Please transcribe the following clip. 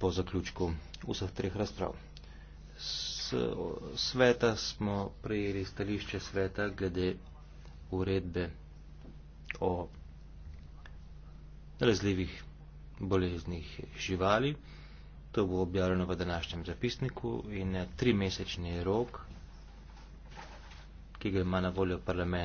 po zaključku vseh treh razprav. S, sveta smo prejeli stališče sveta glede uredbe o razljivih boleznih živali. To bo objavljeno v današnjem zapisniku in tri mesečni rok, ki ga ima na voljo parlament.